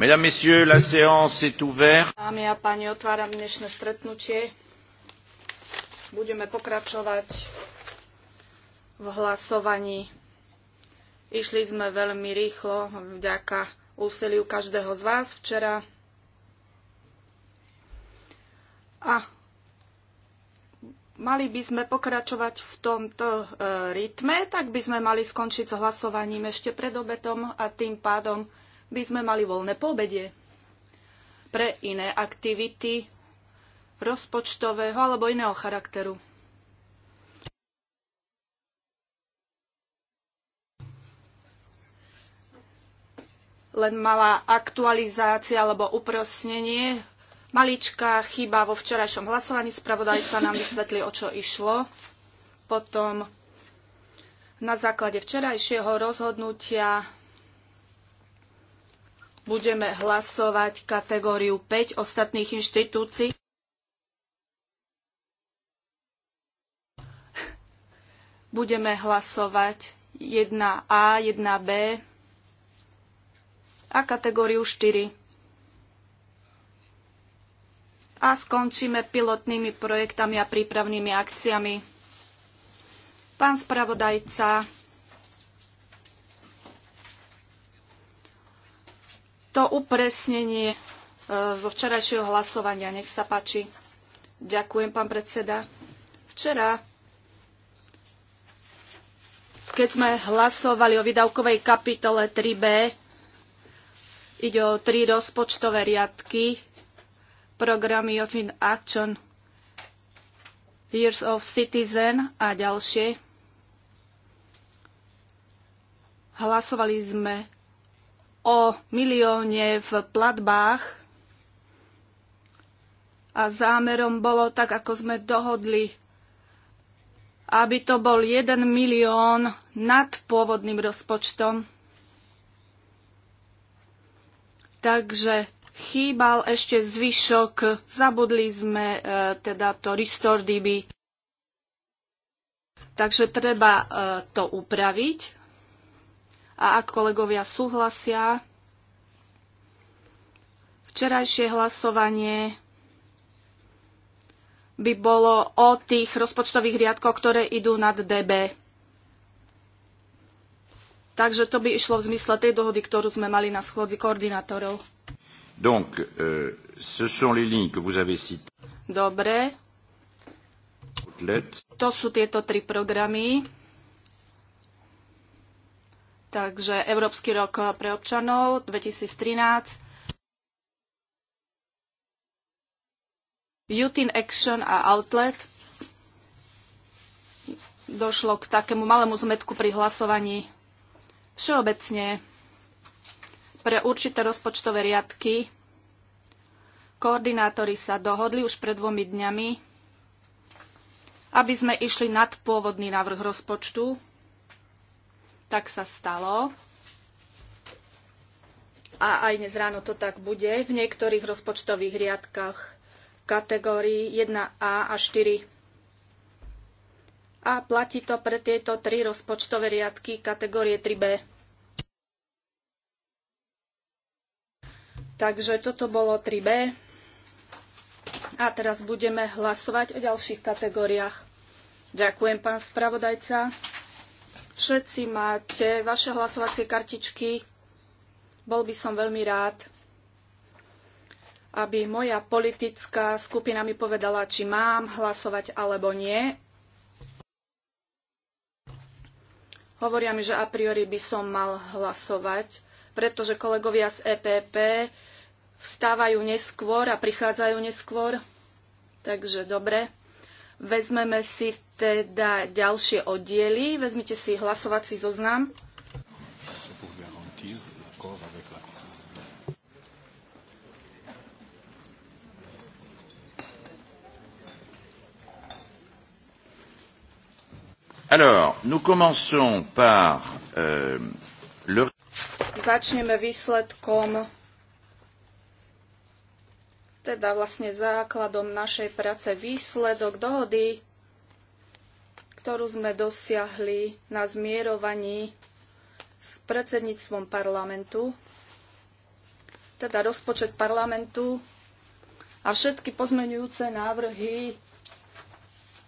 Mesdames, Messieurs, la séance est ouverte. Dámy a páni, otváram dnešné stretnutie. Budeme pokračovať v hlasovaní. Išli sme veľmi rýchlo vďaka úsiliu každého z vás včera. A mali by sme pokračovať v tomto e, rytme, tak by sme mali skončiť s hlasovaním ešte pred obetom a tým pádom by sme mali voľné pobedie pre iné aktivity rozpočtového alebo iného charakteru. Len malá aktualizácia alebo uprosnenie. Malička chyba vo včerajšom hlasovaní. Spravodajca nám vysvetlí, o čo išlo. Potom na základe včerajšieho rozhodnutia budeme hlasovať kategóriu 5 ostatných inštitúcií. Budeme hlasovať 1A, 1B a kategóriu 4. A skončíme pilotnými projektami a prípravnými akciami. Pán spravodajca, to upresnenie e, zo včerajšieho hlasovania. Nech sa páči. Ďakujem, pán predseda. Včera, keď sme hlasovali o výdavkovej kapitole 3b, ide o tri rozpočtové riadky, programy of in action, Years of Citizen a ďalšie. Hlasovali sme o milióne v platbách a zámerom bolo, tak ako sme dohodli, aby to bol 1 milión nad pôvodným rozpočtom. Takže chýbal ešte zvyšok, zabudli sme e, teda to Restore DB. Takže treba e, to upraviť a ak kolegovia súhlasia, včerajšie hlasovanie by bolo o tých rozpočtových riadkoch, ktoré idú nad DB. Takže to by išlo v zmysle tej dohody, ktorú sme mali na schôdzi koordinátorov. Donc, euh, ce sont les lignes que vous avez cité. Dobre. Outlet. To sú tieto tri programy. Takže Európsky rok pre občanov 2013 Youth in Action a Outlet. Došlo k takému malému zmetku pri hlasovaní. Všeobecne pre určité rozpočtové riadky koordinátori sa dohodli už pred dvomi dňami, aby sme išli nad pôvodný návrh rozpočtu tak sa stalo. A aj dnes ráno to tak bude v niektorých rozpočtových riadkach kategórií 1A a 4. A platí to pre tieto tri rozpočtové riadky kategórie 3B. Takže toto bolo 3B. A teraz budeme hlasovať o ďalších kategóriách. Ďakujem, pán spravodajca všetci máte vaše hlasovacie kartičky. Bol by som veľmi rád, aby moja politická skupina mi povedala, či mám hlasovať alebo nie. Hovoria mi, že a priori by som mal hlasovať, pretože kolegovia z EPP vstávajú neskôr a prichádzajú neskôr. Takže dobre. Vezmeme si teda ďalšie oddiely. Vezmite si hlasovací zoznam. Alors, nous commençons par euh, le... Začneme výsledkom teda vlastne základom našej práce výsledok dohody, ktorú sme dosiahli na zmierovaní s predsedníctvom parlamentu, teda rozpočet parlamentu a všetky pozmenujúce návrhy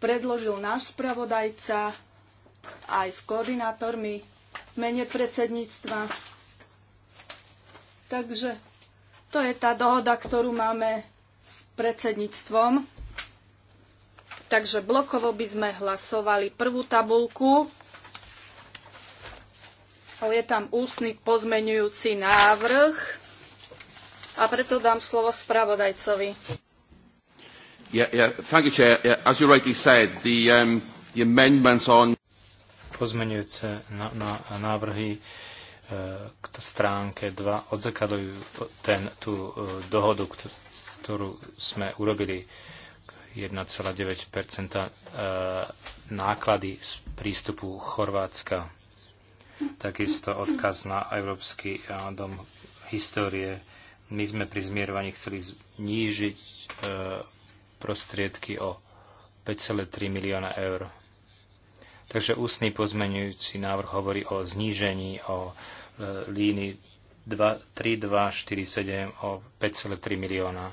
predložil náš spravodajca aj s koordinátormi mene predsedníctva. Takže to je tá dohoda, ktorú máme s predsedníctvom. Takže blokovo by sme hlasovali prvú tabulku. Je tam ústny pozmenujúci návrh a preto dám slovo spravodajcovi. Yeah, yeah. Thank you, Chair. Yeah, as you rightly said, the, um, the amendments on... Pozmenujúce na, na, návrhy k stránke 2 odzrkadľujú ten, tú e, dohodu, ktorú sme urobili 1,9 e, náklady z prístupu Chorvátska. Takisto odkaz na Európsky e, dom histórie. My sme pri zmierovaní chceli znížiť prostriedky o 5,3 milióna eur. Takže ústny pozmenujúci návrh hovorí o znížení o línii 3247 o 5,3 milióna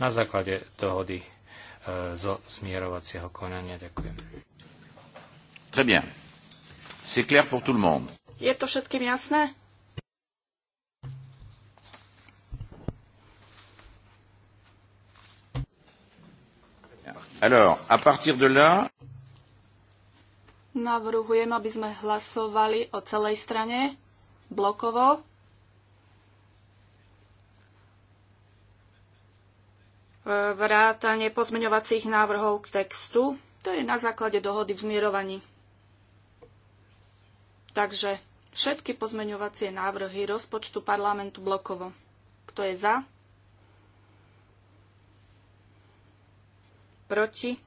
na základe dohody e, zo zmierovacieho konania. Ďakujem. Très bien. C'est clair pour tout le monde. Je to všetkým jasné? Alors, à partir de là... Navrhujem, aby sme hlasovali o celej strane blokovo. Vrátanie pozmeňovacích návrhov k textu. To je na základe dohody v zmierovaní. Takže všetky pozmeňovacie návrhy rozpočtu parlamentu blokovo. Kto je za? Proti?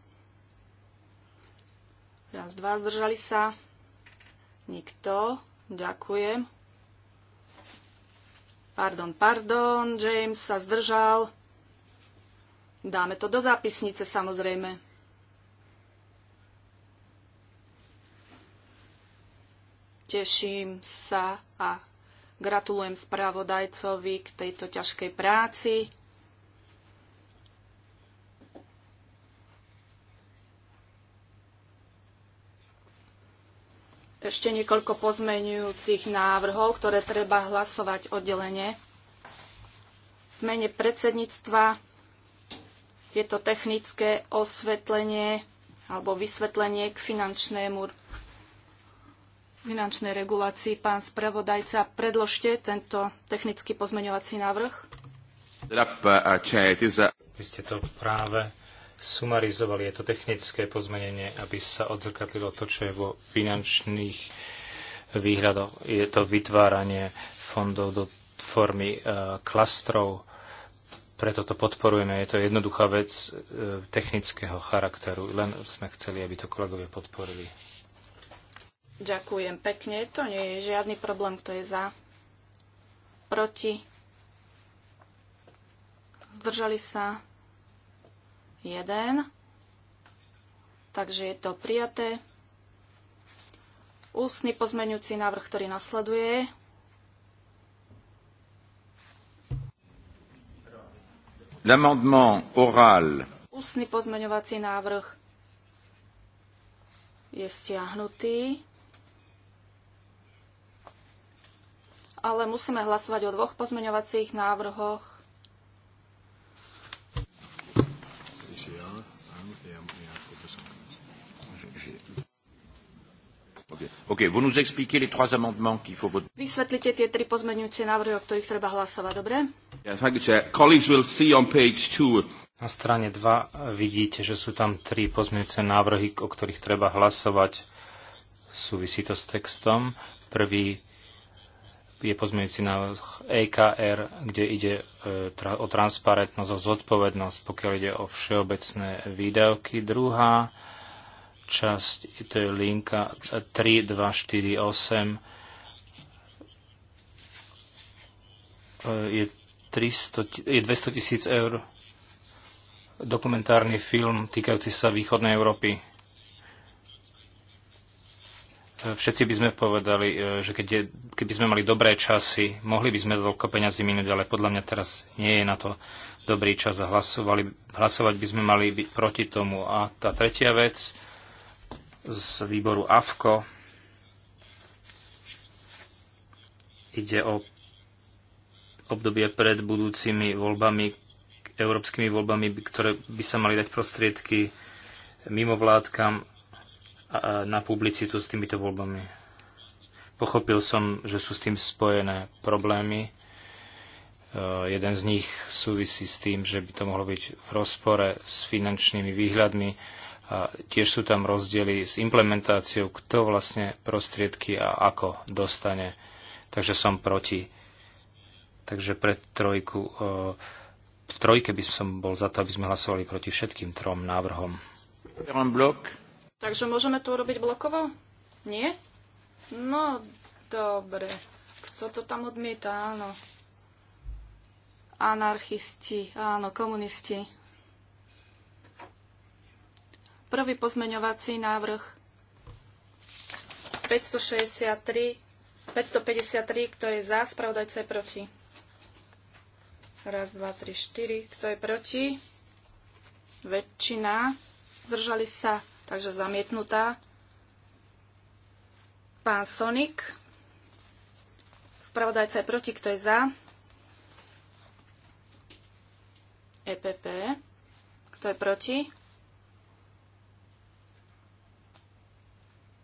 Raz, dva, zdržali sa. Nikto. Ďakujem. Pardon, pardon, James sa zdržal. Dáme to do zápisnice samozrejme. Teším sa a gratulujem spravodajcovi k tejto ťažkej práci. ešte niekoľko pozmenujúcich návrhov, ktoré treba hlasovať oddelenie. V mene predsedníctva je to technické osvetlenie alebo vysvetlenie k finančnému finančnej regulácii. Pán spravodajca, predložte tento technický pozmeňovací návrh. Vy ste to práve sumarizovali. Je to technické pozmenenie, aby sa odzrkadlilo to, čo je vo finančných výhľadoch. Je to vytváranie fondov do formy e, klastrov, preto to podporujeme. Je to jednoduchá vec e, technického charakteru, len sme chceli, aby to kolegovia podporili. Ďakujem pekne. To nie je žiadny problém, kto je za. Proti. Zdržali sa. 1. Takže je to prijaté. Ústny pozmeňujúci návrh, ktorý nasleduje. L'amendement oral. Ústny pozmeňovací návrh je stiahnutý. Ale musíme hlasovať o dvoch pozmeňovacích návrhoch Vysvetlite tie tri pozmeňujúce návrhy, o ktorých treba hlasovať, dobre? Na strane 2 vidíte, že sú tam tri pozmeňujúce návrhy, o ktorých treba hlasovať. Súvisí to s textom. Prvý je pozmeňujúci návrh EKR, kde ide e, o transparentnosť, o zodpovednosť, pokiaľ ide o všeobecné výdavky. Druhá časť, to je linka 3248, je, 300, je 200 tisíc eur dokumentárny film týkajúci sa východnej Európy. Všetci by sme povedali, e, že keď je, keby sme mali dobré časy, mohli by sme veľko peňazí minúť, ale podľa mňa teraz nie je na to dobrý čas a hlasovali, hlasovať by sme mali byť proti tomu. A tá tretia vec, z výboru AFKO. Ide o obdobie pred budúcimi voľbami, európskymi voľbami, ktoré by sa mali dať prostriedky mimovládkam na publicitu s týmito voľbami. Pochopil som, že sú s tým spojené problémy. E, jeden z nich súvisí s tým, že by to mohlo byť v rozpore s finančnými výhľadmi a tiež sú tam rozdiely s implementáciou, kto vlastne prostriedky a ako dostane. Takže som proti. Takže pre trojku, e, v trojke by som bol za to, aby sme hlasovali proti všetkým trom návrhom. Takže môžeme to urobiť blokovo? Nie? No, dobre. Kto to tam odmieta? Áno. Anarchisti, áno, komunisti. Prvý pozmeňovací návrh 563, 553, kto je za, spravodajca je proti. Raz, dva, tri, štyri. Kto je proti? Väčšina. Zdržali sa, takže zamietnutá. Pán Sonik. Spravodajca je proti, kto je za? EPP. Kto je proti?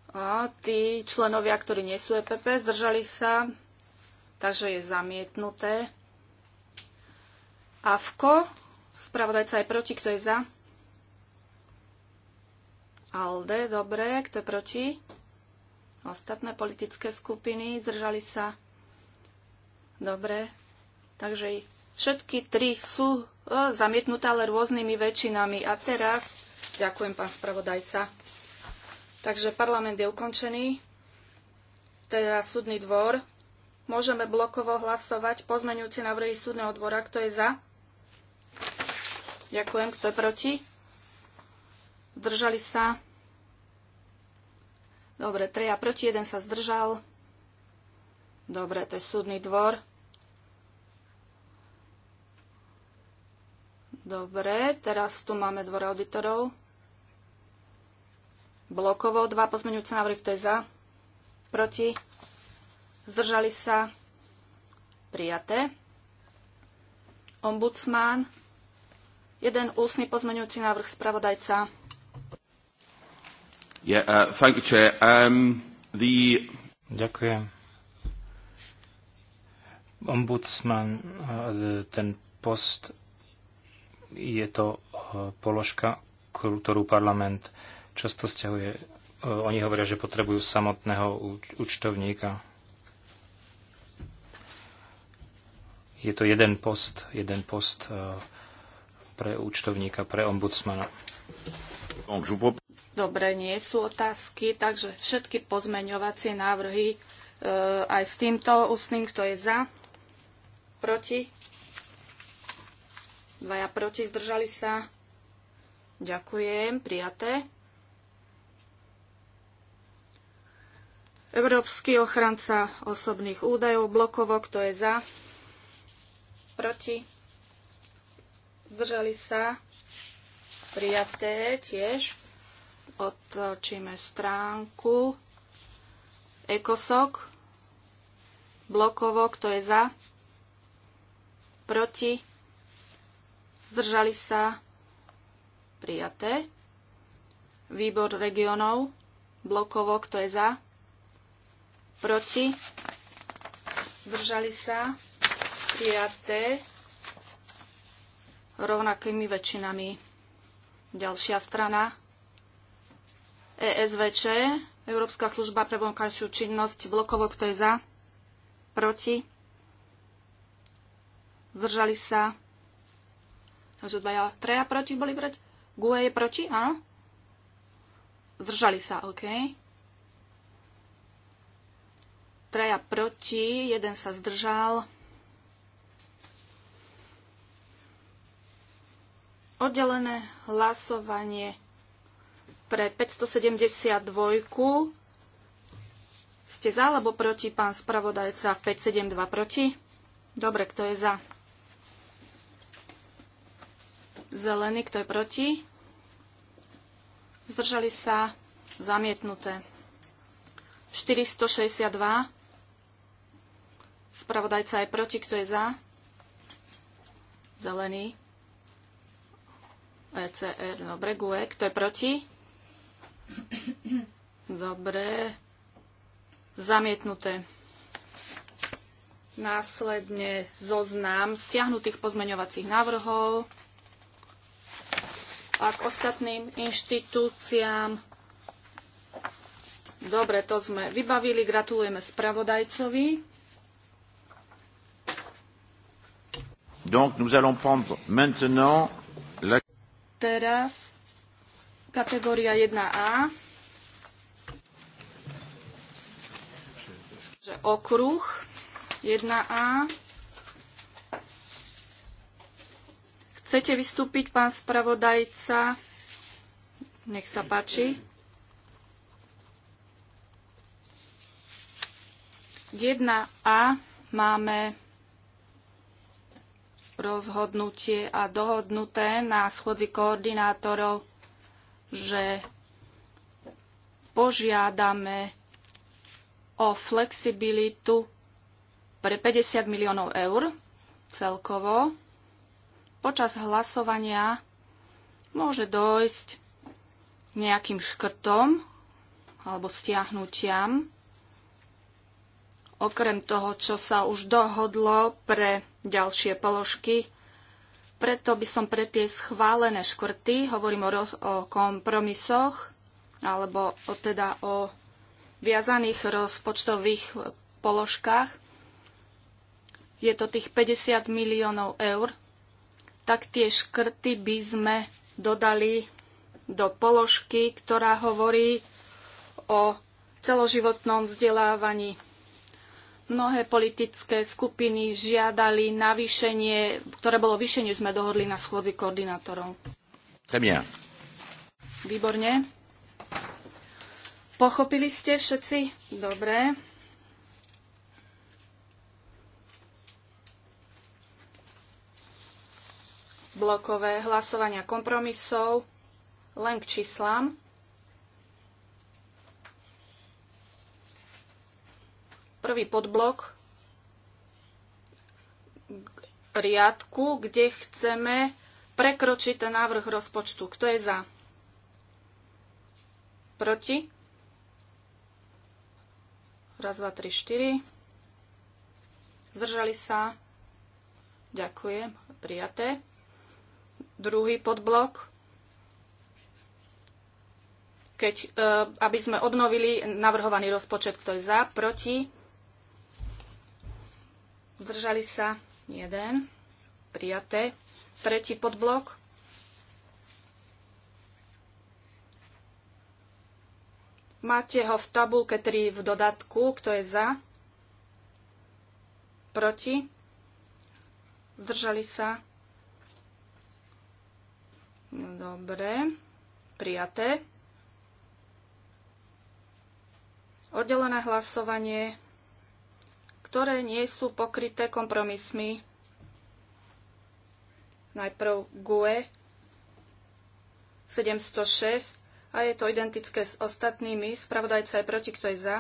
A tí členovia, ktorí nie sú EPP, zdržali sa, takže je zamietnuté. Avko, spravodajca je proti, kto je za? Alde, dobre, kto je proti? Ostatné politické skupiny zdržali sa. Dobre, takže všetky tri sú e, zamietnuté, ale rôznymi väčšinami. A teraz ďakujem, pán spravodajca. Takže parlament je ukončený, teda súdny dvor. Môžeme blokovo hlasovať pozmeňujúce návrhy súdneho dvora. Kto je za? Ďakujem. Kto je proti? Zdržali sa? Dobre, treja proti, jeden sa zdržal. Dobre, to je súdny dvor. Dobre, teraz tu máme dvor auditorov blokovo. Dva pozmeňujúce návrhy, kto je za, proti, zdržali sa, prijaté. Ombudsman, jeden ústny pozmeňujúci návrh spravodajca. Yeah, uh, thank you, Chair. Um, the... Ďakujem. Ombudsman, uh, ten post je to uh, položka, ktorú parlament často stiahuje. E, oni hovoria, že potrebujú samotného účtovníka. Je to jeden post, jeden post e, pre účtovníka, pre ombudsmana. Dobre, nie sú otázky, takže všetky pozmeňovacie návrhy e, aj s týmto ústnym, kto je za, proti, dvaja proti, zdržali sa. Ďakujem, prijaté. Európsky ochranca osobných údajov, blokovo, kto je za, proti, zdržali sa, prijaté tiež. Otočíme stránku. Ekosok, blokovo, kto je za, proti, zdržali sa, prijaté. Výbor regionov, blokovo, kto je za, proti, zdržali sa, prijaté rovnakými väčšinami. Ďalšia strana. ESVČ, Európska služba pre vonkajšiu činnosť, blokovo, kto je za, proti, zdržali sa, takže dvaja, treja proti boli brať, GUE je proti, áno, zdržali sa, OK traja proti, jeden sa zdržal. Oddelené hlasovanie pre 572. Ste za alebo proti, pán spravodajca? 572 proti? Dobre, kto je za? Zelený, kto je proti? Zdržali sa zamietnuté. 462 Spravodajca je proti, kto je za? Zelený. ECR, dobre, GUE, kto je proti? Dobre. Zamietnuté. Následne zoznam stiahnutých pozmeňovacích návrhov a k ostatným inštitúciám. Dobre, to sme vybavili. Gratulujeme spravodajcovi. Donc nous allons prendre maintenant la... Teraz kategória 1A. Že okruh 1A. Chcete vystúpiť, pán spravodajca? Nech sa páči. K 1A máme rozhodnutie a dohodnuté na schodzi koordinátorov, že požiadame o flexibilitu pre 50 miliónov eur celkovo. Počas hlasovania môže dojsť nejakým škrtom alebo stiahnutiam okrem toho, čo sa už dohodlo pre ďalšie položky. Preto by som pre tie schválené škrty, hovorím o, o kompromisoch, alebo o, teda o viazaných rozpočtových položkách, je to tých 50 miliónov eur, tak tie škrty by sme dodali do položky, ktorá hovorí o celoživotnom vzdelávaní mnohé politické skupiny žiadali navýšenie, ktoré bolo vyššie, než sme dohodli na schôdzi koordinátorov. Premiér. Výborne. Pochopili ste všetci? Dobre. Blokové hlasovania kompromisov len k číslám. prvý podblok riadku, kde chceme prekročiť ten návrh rozpočtu. Kto je za? Proti? Raz, dva, tri, štyri. Zdržali sa? Ďakujem. Prijaté. Druhý podblok. Keď, eh, aby sme obnovili navrhovaný rozpočet, kto je za, proti, zdržali sa, jeden, prijaté. Tretí podblok, Máte ho v tabulke 3 v dodatku, kto je za, proti, zdržali sa. No, dobre, prijaté. Oddelené hlasovanie ktoré nie sú pokryté kompromismi. Najprv GUE 706 a je to identické s ostatnými. Spravodajca je proti, kto je za.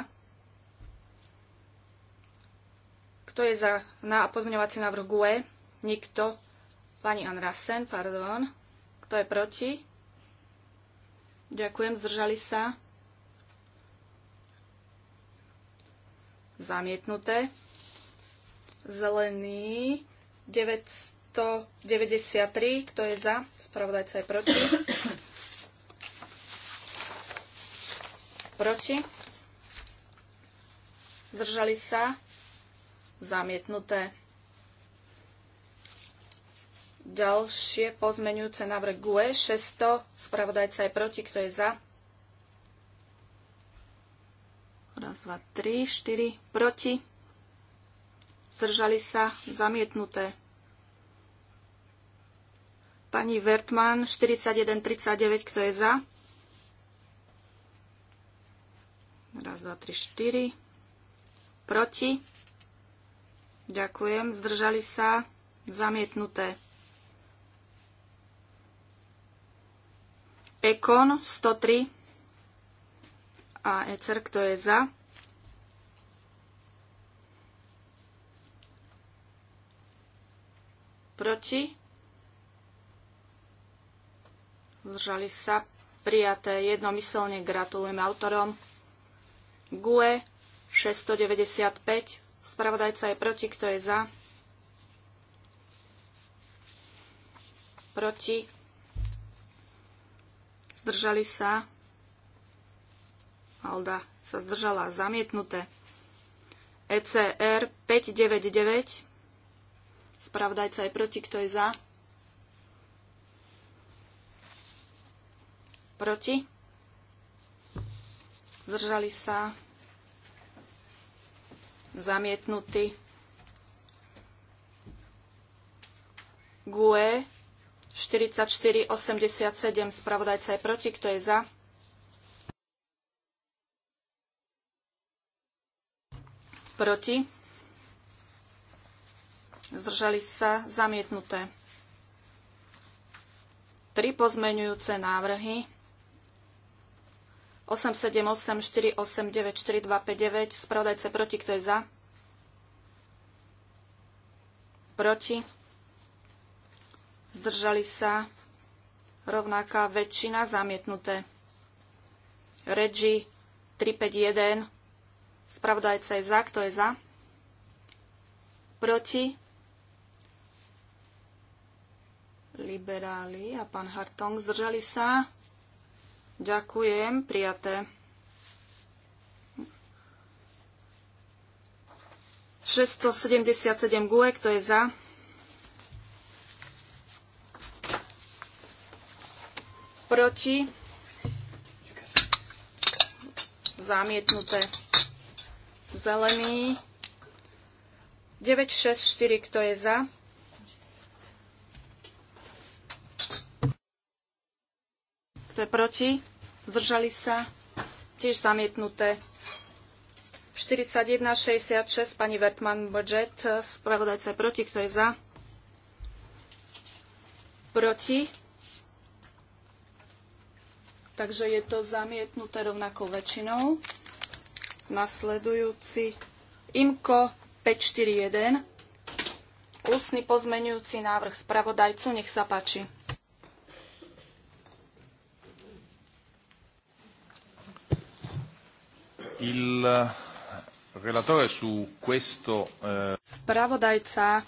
Kto je za na pozmeňovací návrh GUE? Nikto. Pani Anrasen, pardon. Kto je proti? Ďakujem, zdržali sa. zamietnuté. Zelený 993, kto je za, spravodajca je proti. Proti. Zdržali sa. Zamietnuté. Ďalšie pozmenujúce návrh GUE 600. Spravodajca je proti, kto je za? Raz, dva, tri, štyri. Proti. Zdržali sa. Zamietnuté. Pani Vertman, 41,39, kto je za? Raz, dva, tri, štyri. Proti. Ďakujem. Zdržali sa. Zamietnuté. Ekon 103 a ECR, kto je za. Proti. Zdržali sa. Prijaté jednomyselne gratulujem autorom. GUE 695. Spravodajca je proti, kto je za. Proti. Zdržali sa Alda sa zdržala. Zamietnuté. ECR 599. Spravodajca je proti. Kto je za? Proti. Zdržali sa. zamietnutí. GUE 4487. Spravodajca je proti. Kto je za? Proti? Zdržali sa zamietnuté. Tri pozmeňujúce návrhy 878 489 spravodajce proti, kto je za? Proti. Zdržali sa rovnaká väčšina zamietnuté. Regi 351 Spravodajca je za. Kto je za? Proti? Liberáli a pán Hartong zdržali sa. Ďakujem. Prijaté. 677 guek, kto je za? Proti? Zamietnuté zelený. 964, kto je za? Kto je proti? Zdržali sa? Tiež zamietnuté. 41,66, pani Vertman Budget, spravodajca proti, kto je za? Proti. Takže je to zamietnuté rovnakou väčšinou nasledujúci IMKO 541, ústny pozmenujúci návrh spravodajcu, nech sa páči. Il eh, relatore su questo... Eh... Spravodajca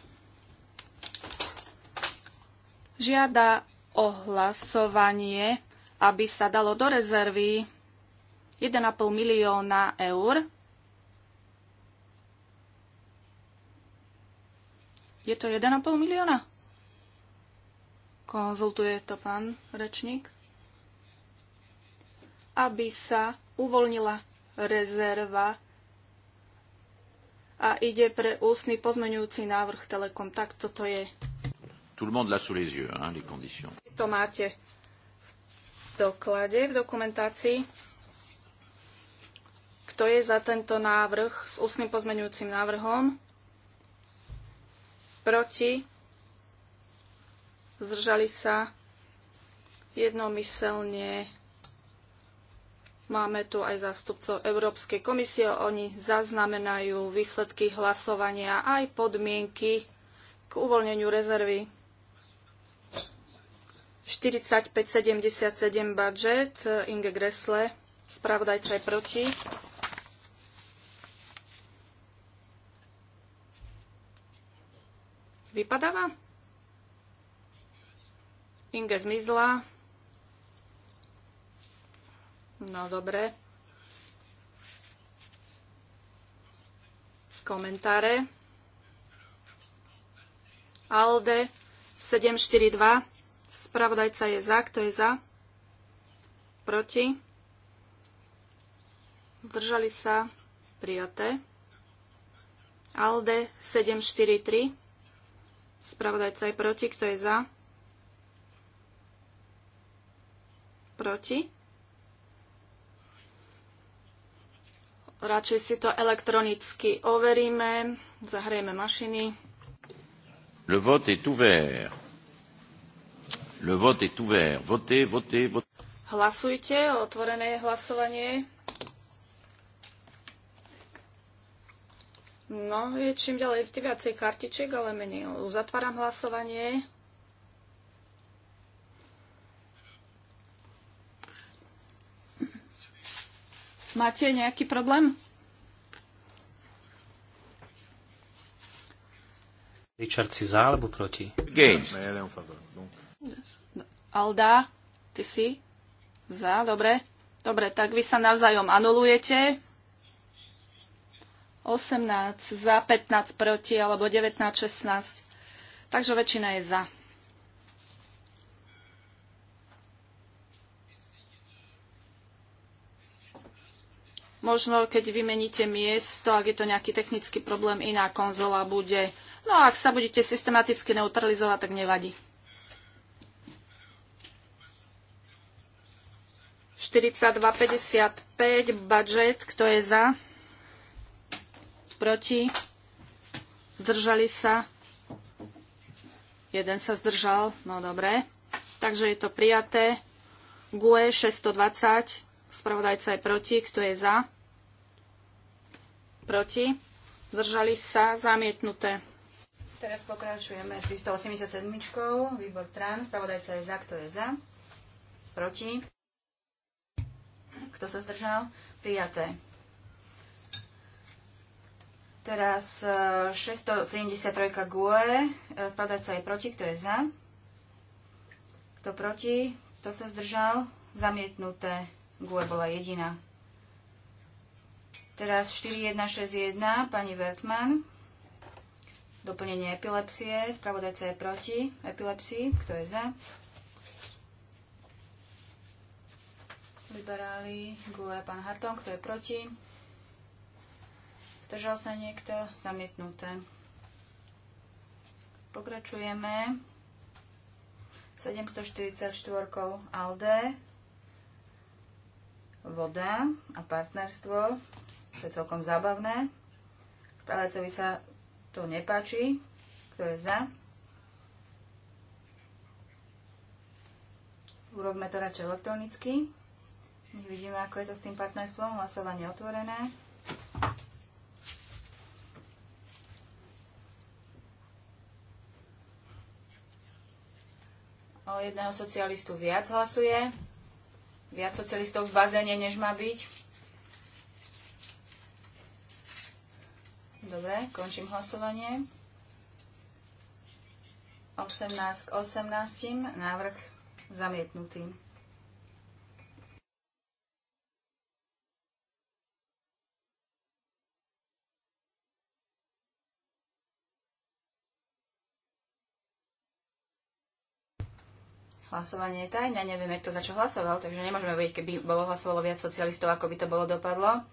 žiada o hlasovanie, aby sa dalo do rezervy 1,5 milióna eur. Je to 1,5 milióna? Konzultuje to pán rečník. Aby sa uvoľnila rezerva a ide pre ústny pozmeňujúci návrh Telekom. Tak toto je. Tout le monde l'a sous les yeux, hein, les conditions. To máte v doklade, v dokumentácii. Kto je za tento návrh s ústnym pozmeňujúcim návrhom? Proti? Zdržali sa? Jednomyselne. Máme tu aj zástupcov Európskej komisie. Oni zaznamenajú výsledky hlasovania aj podmienky k uvoľneniu rezervy. 4577 budget Inge Gressle. Spravodajca je proti. Vypadáva? Inge zmizla. No dobre. Komentáre. Alde 742. Spravodajca je za. Kto je za? Proti? Zdržali sa? Prijaté. Alde 743. Spravodajca je proti. Kto je za? Proti. Radšej si to elektronicky overíme. Zahrejeme mašiny. Le vote est ouvert. Le vote est ouvert. Votez, votez, votez. Hlasujte, otvorené je hlasovanie. No, je čím ďalej viacej kartičiek, ale menej. Uzatváram hlasovanie. Máte nejaký problém? Richard, si za alebo proti? Against. No, no. Alda, ty si za, dobre. Dobre, tak vy sa navzájom anulujete. 18 za, 15 proti, alebo 19, 16. Takže väčšina je za. Možno, keď vymeníte miesto, ak je to nejaký technický problém, iná konzola bude. No a ak sa budete systematicky neutralizovať, tak nevadí. 42,55 budget, kto je za? proti, zdržali sa, jeden sa zdržal, no dobre, takže je to prijaté. GUE 620, spravodajca je proti, kto je za? Proti, zdržali sa, zamietnuté. Teraz pokračujeme s 387. Výbor TRAN, spravodajca je za, kto je za? Proti. Kto sa zdržal? Prijaté. Teraz 673 e, GUE, e, sa aj proti, kto je za? Kto proti? Kto sa zdržal? Zamietnuté. GUE bola jediná. Teraz 4161, pani Wertmann. Doplnenie epilepsie. Spravodajca je proti epilepsii. Kto je za? Liberáli, GUE, pán Harton. Kto je proti? Zdržal sa niekto? Zamietnuté. Pokračujeme 744 ALDE, voda a partnerstvo, To je celkom zábavné. Správajcovi sa to nepáči, kto je za. Urobme to radšej elektronicky. Nech vidíme, ako je to s tým partnerstvom. Hlasovanie otvorené. o jedného socialistu viac hlasuje. Viac socialistov v bazéne, než má byť. Dobre, končím hlasovanie. 18 k 18. Návrh zamietnutý. Hlasovanie je tajné, nevieme, kto za čo hlasoval, takže nemôžeme vedieť, keby bolo hlasovalo viac socialistov, ako by to bolo dopadlo.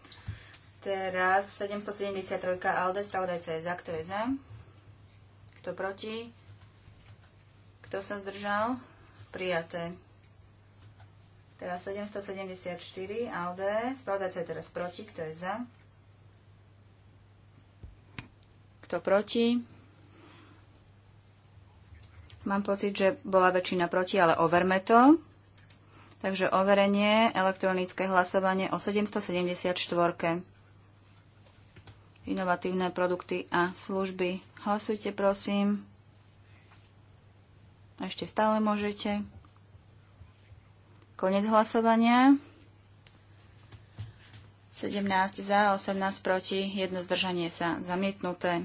Teraz 773 ALDE, spravodajca je za, kto je za? Kto proti? Kto sa zdržal? Prijaté. Teraz 774 ALDE, spravodajca je teraz proti, kto je za? Kto proti? Mám pocit, že bola väčšina proti, ale overme to. Takže overenie, elektronické hlasovanie o 774. Inovatívne produkty a služby. Hlasujte, prosím. Ešte stále môžete. Konec hlasovania. 17 za, 18 proti, jedno zdržanie sa zamietnuté.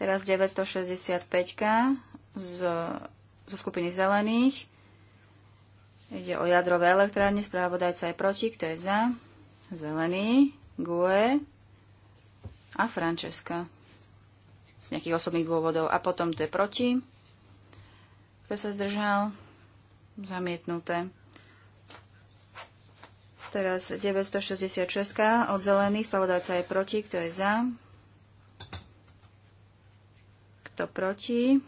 Teraz 965 z, zo skupiny zelených. Ide o jadrové elektrárne, správodajca je proti, kto je za? Zelený, GUE a Francesca z nejakých osobných dôvodov. A potom to je proti. Kto sa zdržal? Zamietnuté. Teraz 966 od zelených. Spravodajca je proti. Kto je za? Kto proti?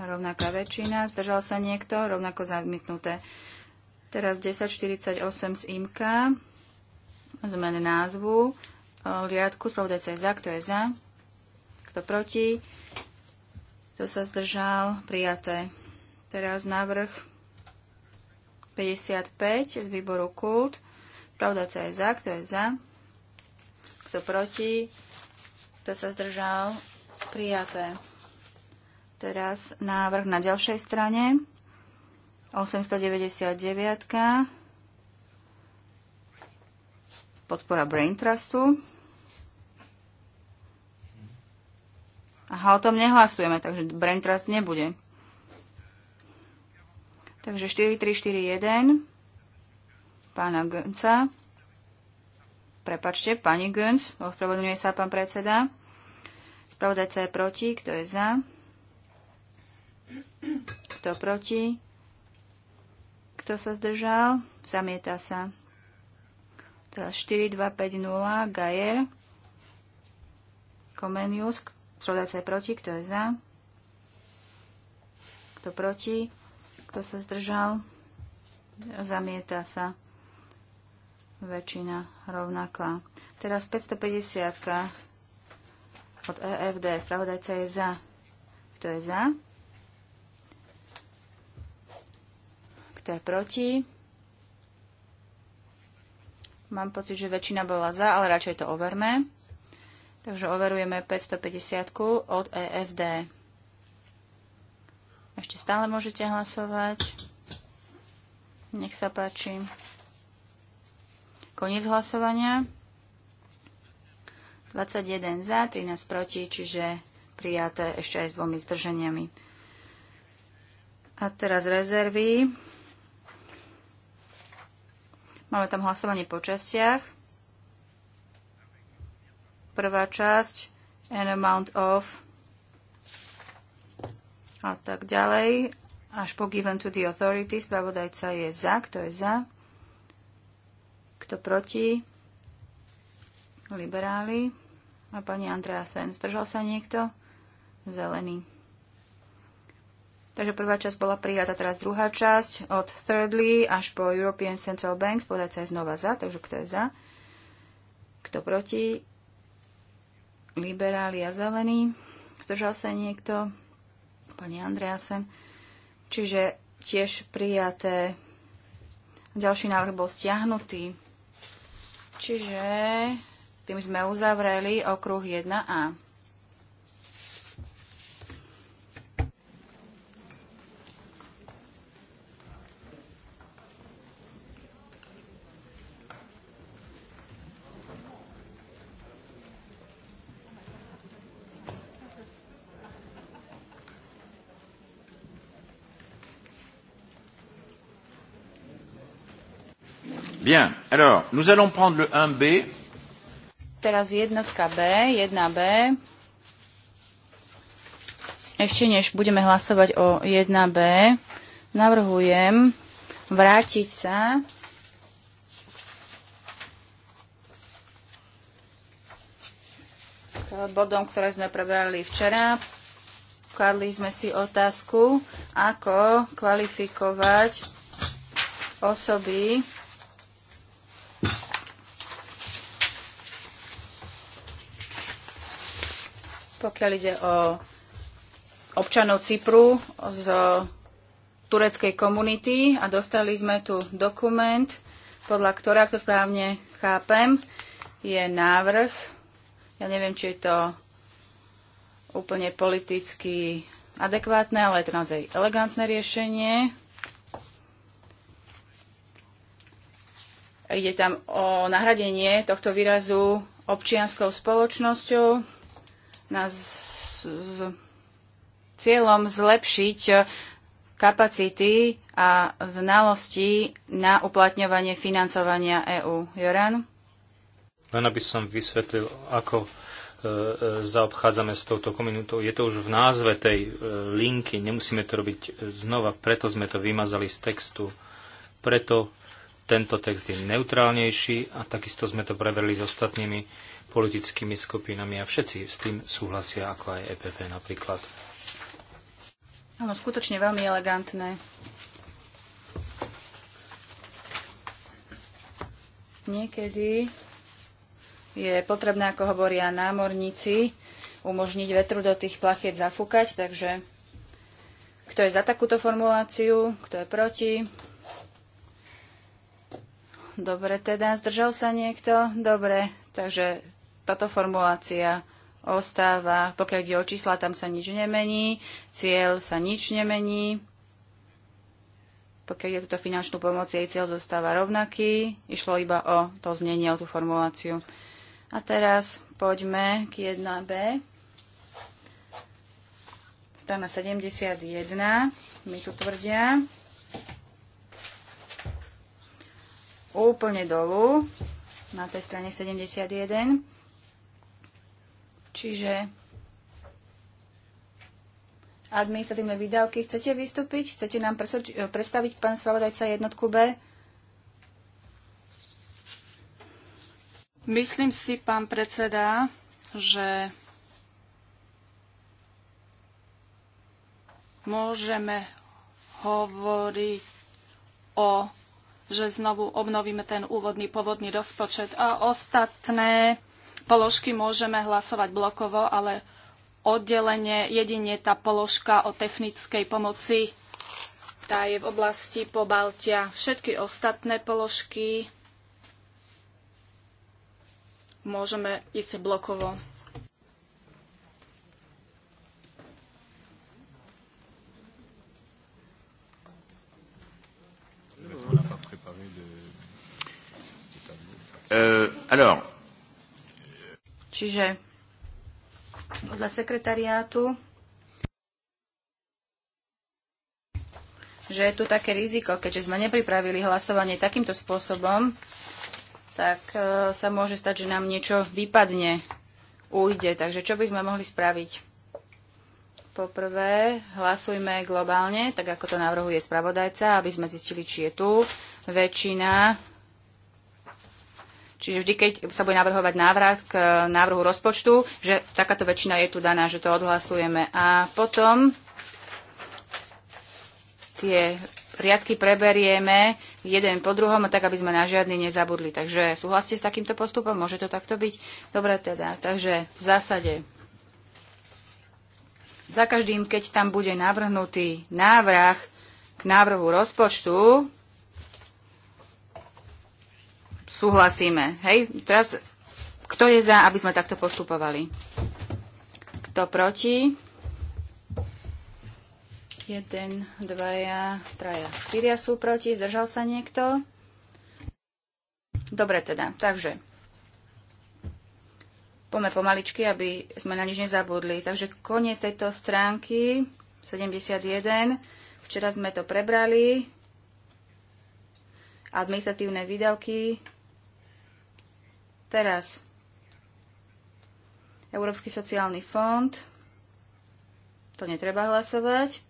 rovnaká väčšina, zdržal sa niekto, rovnako zamietnuté. Teraz 1048 z IMKA, zmen názvu, riadku, spravodajca je za, kto je za, kto proti, kto sa zdržal, prijaté. Teraz návrh 55 z výboru KULT, spravodajca je za, kto je za, kto proti, kto sa zdržal, prijaté. Teraz návrh na ďalšej strane. 899. Podpora Brain Trustu. Aha, o tom nehlasujeme, takže Brain Trust nebude. Takže 4341 pána Gönca. Prepačte, pani Gönc, ospravedlňuje sa pán predseda. Spravodajca je proti, kto je za? Kto proti? Kto sa zdržal? Zamieta sa. 5, 4250 Gajer. Komenius. Prodajca je proti. Kto je za? Kto proti? Kto sa zdržal? Zamieta sa. Väčšina rovnaká. Teraz 550 od EFD. Spravodajca je za. Kto je za? kto je proti. Mám pocit, že väčšina bola za, ale radšej to overme. Takže overujeme 550 od EFD. Ešte stále môžete hlasovať. Nech sa páči. Koniec hlasovania. 21 za, 13 proti, čiže prijaté ešte aj s dvomi zdrženiami. A teraz rezervy. Máme tam hlasovanie po častiach. Prvá časť, an amount of a tak ďalej, až po given to the authority. Spravodajca je za, kto je za, kto proti, liberáli a pani Andrea Sen. Zdržal sa niekto? Zelený. Takže prvá časť bola prijatá, teraz druhá časť od Thirdly až po European Central Bank, Spodaj sa je znova za, takže kto je za, kto proti, liberáli a zelení, zdržal sa niekto, pani Andreasen, čiže tiež prijaté, ďalší návrh bol stiahnutý, čiže tým sme uzavreli okruh 1a. Bien, alors, nous allons prendre le 1B. Teraz jednotka B, 1B. Ešte než budeme hlasovať o 1B, navrhujem vrátiť sa k bodom, ktoré sme prebrali včera. Kladli sme si otázku, ako kvalifikovať osoby, Pokiaľ ide o občanov Cypru z tureckej komunity a dostali sme tu dokument, podľa ktorého, ak to správne chápem, je návrh, ja neviem, či je to úplne politicky adekvátne, ale je to naozaj elegantné riešenie. Ide tam o nahradenie tohto výrazu občianskou spoločnosťou na z, z, cieľom zlepšiť e, kapacity a znalosti na uplatňovanie financovania EÚ. Joran? Len aby som vysvetlil, ako e, e, zaobchádzame s touto komunitou. Je to už v názve tej linky, nemusíme to robiť znova, preto sme to vymazali z textu. Preto tento text je neutrálnejší a takisto sme to preverili s ostatnými politickými skupinami a všetci s tým súhlasia, ako aj EPP napríklad. Áno, skutočne veľmi elegantné. Niekedy je potrebné, ako hovoria námorníci, umožniť vetru do tých plachiet zafúkať, takže kto je za takúto formuláciu, kto je proti, Dobre, teda zdržal sa niekto? Dobre, takže táto formulácia ostáva, pokiaľ ide o čísla, tam sa nič nemení, cieľ sa nič nemení, pokiaľ ide o túto finančnú pomoc, jej cieľ zostáva rovnaký, išlo iba o to znenie, o tú formuláciu. A teraz poďme k 1b. Strana 71, mi tu tvrdia. Úplne dolu, na tej strane 71. Čiže administratívne výdavky. Chcete vystúpiť? Chcete nám e, predstaviť, pán spravodajca, jednotku B? Myslím si, pán predseda, že môžeme hovoriť o, že znovu obnovíme ten úvodný pôvodný rozpočet a ostatné položky môžeme hlasovať blokovo, ale oddelenie jedine tá položka o technickej pomoci, tá je v oblasti Pobaltia. Všetky ostatné položky môžeme ísť blokovo. Euh, alors, Čiže podľa sekretariátu, že je tu také riziko, keďže sme nepripravili hlasovanie takýmto spôsobom, tak e, sa môže stať, že nám niečo vypadne, ujde. Takže čo by sme mohli spraviť? Poprvé, hlasujme globálne, tak ako to navrhuje spravodajca, aby sme zistili, či je tu väčšina Čiže vždy, keď sa bude navrhovať návrat k e, návrhu rozpočtu, že takáto väčšina je tu daná, že to odhlasujeme. A potom tie riadky preberieme jeden po druhom, tak aby sme na žiadny nezabudli. Takže súhlasíte s takýmto postupom? Môže to takto byť? Dobre teda. Takže v zásade za každým, keď tam bude navrhnutý návrh k návrhu rozpočtu, súhlasíme. Hej, teraz kto je za, aby sme takto postupovali? Kto proti? 1, dvaja, traja štyria sú proti. Zdržal sa niekto? Dobre teda, takže poďme pomaličky, aby sme na nič nezabudli. Takže koniec tejto stránky 71. Včera sme to prebrali. Administratívne výdavky Teraz Európsky sociálny fond. To netreba hlasovať.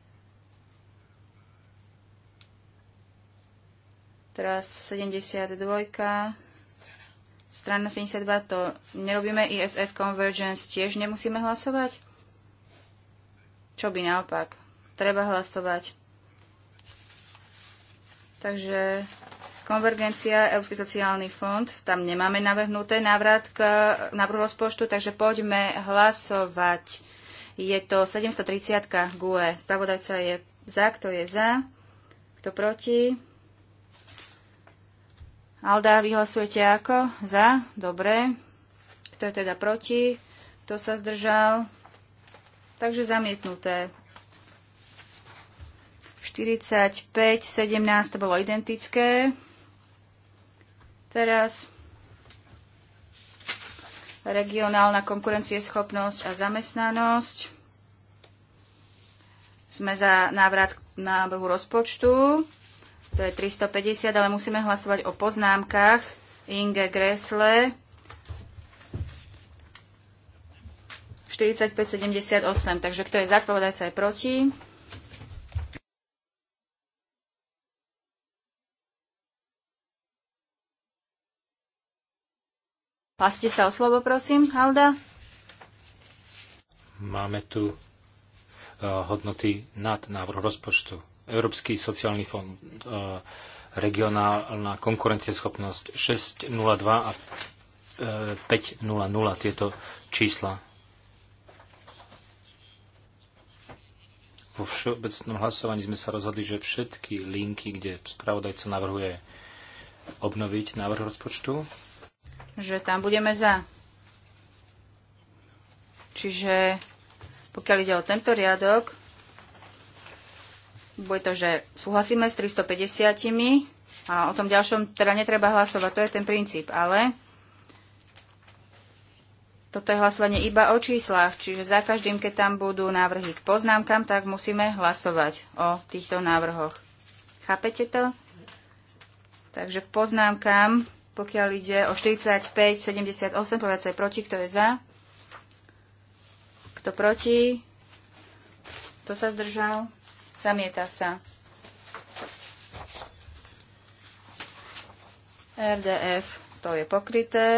Teraz 72. Strana 72, to nerobíme ISF Convergence, tiež nemusíme hlasovať? Čo by naopak? Treba hlasovať. Takže Konvergencia, Európsky sociálny fond, tam nemáme navrhnuté návrat k návrhu rozpočtu, takže poďme hlasovať. Je to 730 GUE. Spravodajca je za, kto je za, kto proti. Alda, vyhlasujete ako? Za? Dobre. Kto je teda proti? Kto sa zdržal? Takže zamietnuté. 45, 17 to bolo identické. Teraz regionálna konkurencieschopnosť a zamestnanosť. Sme za návrat na návrhu rozpočtu. To je 350, ale musíme hlasovať o poznámkach. Inge Gressle 45,78. Takže kto je za, spravodajca je proti. Hláste sa o slovo, prosím, Halda. Máme tu e, hodnoty nad návrh rozpočtu. Európsky sociálny fond, e, regionálna konkurencieschopnosť 6.02 a 5.00 e, tieto čísla. Vo všeobecnom hlasovaní sme sa rozhodli, že všetky linky, kde spravodajca navrhuje obnoviť návrh rozpočtu, že tam budeme za. Čiže pokiaľ ide o tento riadok, bude to, že súhlasíme s 350 a o tom ďalšom teda netreba hlasovať, to je ten princíp, ale toto je hlasovanie iba o číslach, čiže za každým, keď tam budú návrhy k poznámkam, tak musíme hlasovať o týchto návrhoch. Chápete to? Takže k poznámkam pokiaľ ide o 45, 78, povedať sa je proti, kto je za, kto proti, kto sa zdržal, zamieta sa. RDF, to je pokryté,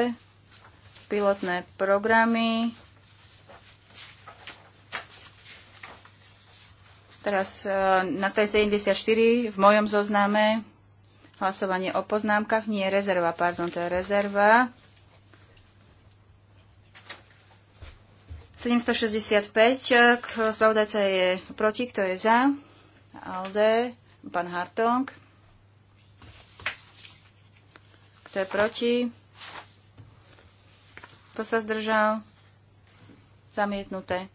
pilotné programy, Teraz eh, na 74 v mojom zozname Hlasovanie o poznámkach nie je rezerva, pardon, to je rezerva. 765, eh, spravodajca je proti, kto je za? Alde, pán Hartong. Kto je proti? Kto sa zdržal? Zamietnuté.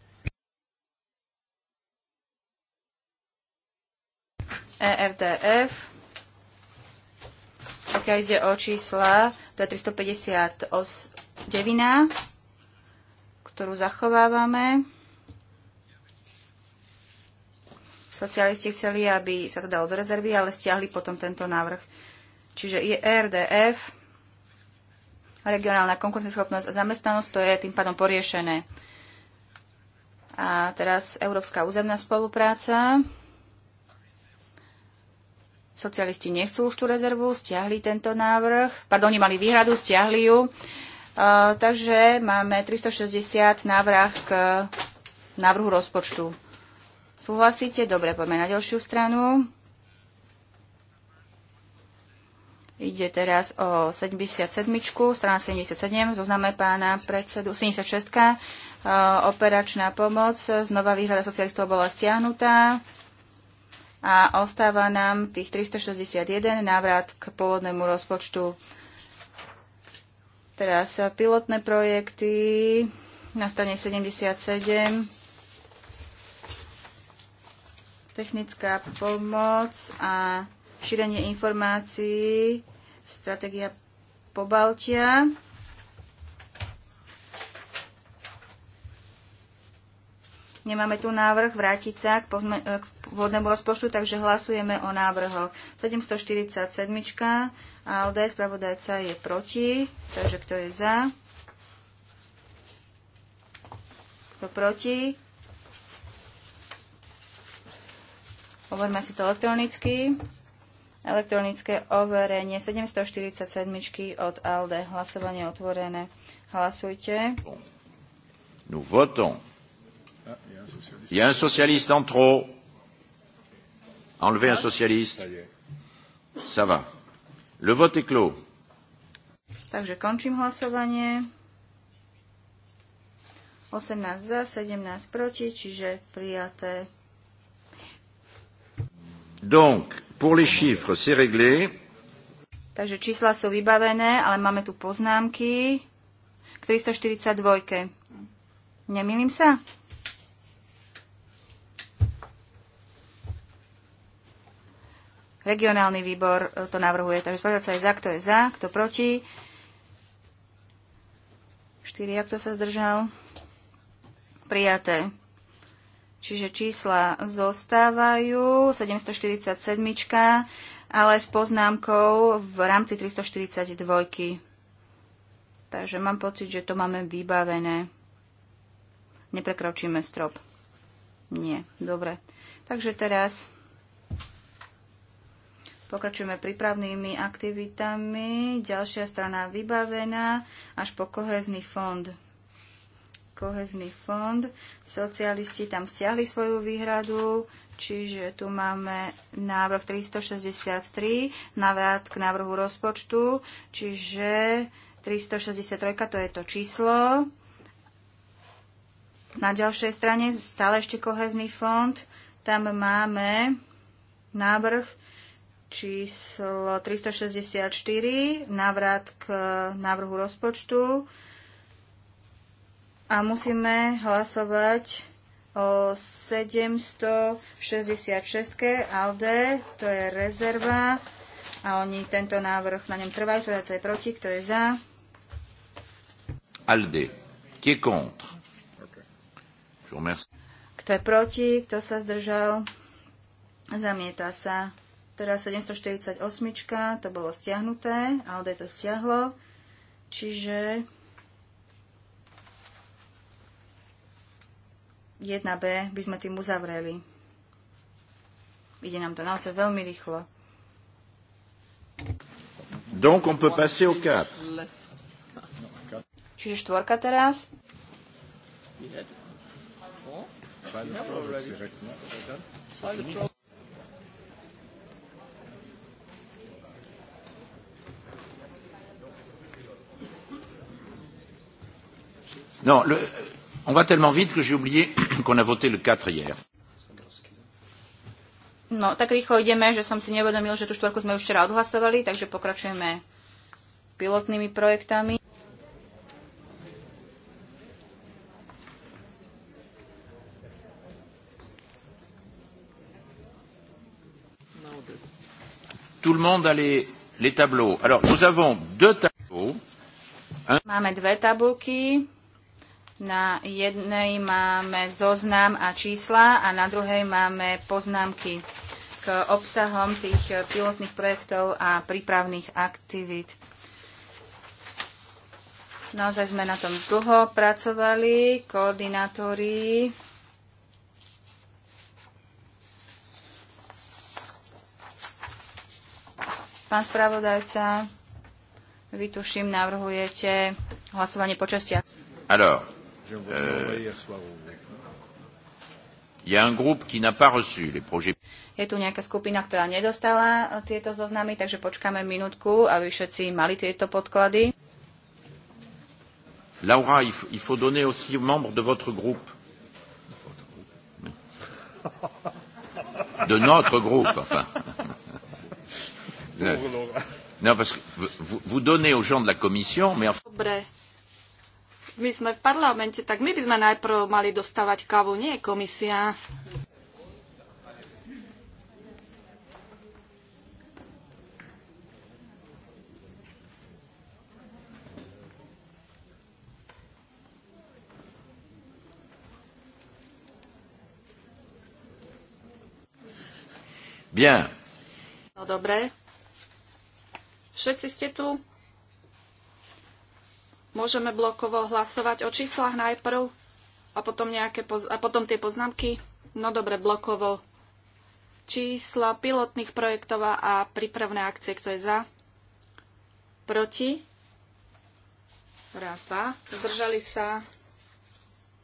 ERDF. Pokiaľ ide o čísla, to je 359, ktorú zachovávame. Socialisti chceli, aby sa to dalo do rezervy, ale stiahli potom tento návrh. Čiže je e RDF, regionálna konkurenceschopnosť a zamestnanosť, to je tým pádom poriešené. A teraz Európska územná spolupráca. Socialisti nechcú už tú rezervu, stiahli tento návrh. Pardon, oni mali výhradu, stiahli ju. Uh, takže máme 360 návrh k návrhu rozpočtu. Súhlasíte? Dobre, poďme na ďalšiu stranu. Ide teraz o 77, strana 77, Zoznáme pána predsedu, 76, operačná pomoc, znova výhrada socialistov bola stiahnutá, a ostáva nám tých 361 návrat k pôvodnému rozpočtu. Teraz pilotné projekty na strane 77. Technická pomoc a šírenie informácií. Stratégia Pobaltia. Nemáme tu návrh vrátiť sa k, pozme- e, k vodnému rozpočtu, takže hlasujeme o návrhoch. 747. ALD, spravodajca je proti, takže kto je za? Kto proti? Overme si to elektronicky. Elektronické overenie 747 od ALDE. Hlasovanie otvorené. Hlasujte. Nous votons. Il y a un socialiste en trop. Enlevez un ah, socialiste. Ça va. Le vote est clos. Takže končím hlasovanie. 18 za, 17 proti, čiže prijaté. Donc, pour les chiffres, c'est réglé. Takže čísla sú vybavené, ale máme tu poznámky k 342. Nemýlim sa? Regionálny výbor e, to navrhuje. Takže sa aj za, kto je za, kto proti. 4, to sa zdržal. Prijaté. Čiže čísla zostávajú. 747, ale s poznámkou v rámci 342. Takže mám pocit, že to máme vybavené. Neprekročíme strop. Nie, dobre. Takže teraz Pokračujeme prípravnými aktivitami. Ďalšia strana vybavená až po kohezný fond. Kohezný fond. Socialisti tam stiahli svoju výhradu, čiže tu máme návrh 363, návrat k návrhu rozpočtu, čiže 363 to je to číslo. Na ďalšej strane stále ešte kohezný fond. Tam máme návrh číslo 364, návrat k návrhu rozpočtu. A musíme hlasovať o 766 ALDE, to je rezerva. A oni tento návrh na ňom trvajú, sú je proti, kto je za. ALDE, qui est contre? Kto je proti, kto sa zdržal? Zamieta sa. Teraz teda 748, to bolo stiahnuté, Alde to stiahlo, čiže 1B by sme tým uzavreli. Ide nám to naozaj veľmi rýchlo. Donc on peut passer au 4. Čiže štvorka teraz. By Non, le, on va tellement vite que j'ai oublié qu'on a voté le 4 hier. No, tak rýchlo ideme, že som si nevedomil, že tú štvorku sme už včera odhlasovali, takže pokračujeme pilotnými projektami. Tout le monde a les, les tableaux. Alors, nous avons deux tableaux. Un... Máme dve tabulky. Na jednej máme zoznam a čísla a na druhej máme poznámky k obsahom tých pilotných projektov a prípravných aktivít. Naozaj sme na tom dlho pracovali, koordinátori Pán spravodajca, vy tuším navrhujete hlasovanie po Alors, Euh, il y a un groupe qui n'a pas reçu les projets. Je tu nejaká skupina, ktorá nedostala tieto zoznamy, takže počkáme minútku, aby všetci mali tieto podklady. Laura, il faut, donner aussi aux membres de votre groupe. De notre groupe, enfin. Non, parce que vous, vous donnez aux gens de la commission, mais... enfin my sme v parlamente, tak my by sme najprv mali dostávať kávu, nie komisia. Bien. No dobre. Všetci ste tu? Môžeme blokovo hlasovať o číslach najprv a potom, nejaké a potom tie poznámky. No dobre, blokovo. Čísla pilotných projektov a prípravné akcie, kto je za? Proti? Raz, dva. Zdržali sa?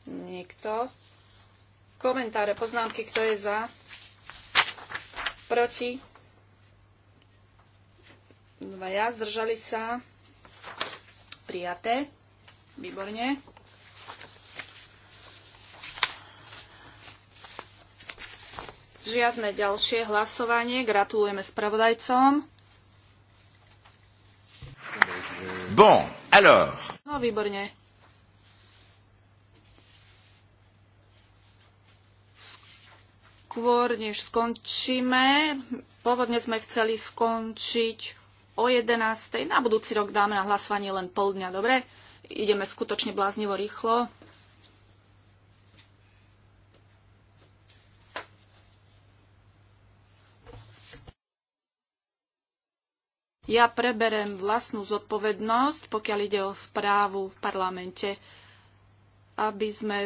Nikto. Komentáre, poznámky, kto je za? Proti? ja, Zdržali sa? Prijaté. Výborne. Žiadne ďalšie hlasovanie. Gratulujeme spravodajcom. Bon, alors. No, výborne. Skôr, než skončíme, pôvodne sme chceli skončiť o 11. Na budúci rok dáme na hlasovanie len pol dňa, dobre? Ideme skutočne bláznivo rýchlo. Ja preberem vlastnú zodpovednosť, pokiaľ ide o správu v parlamente, aby sme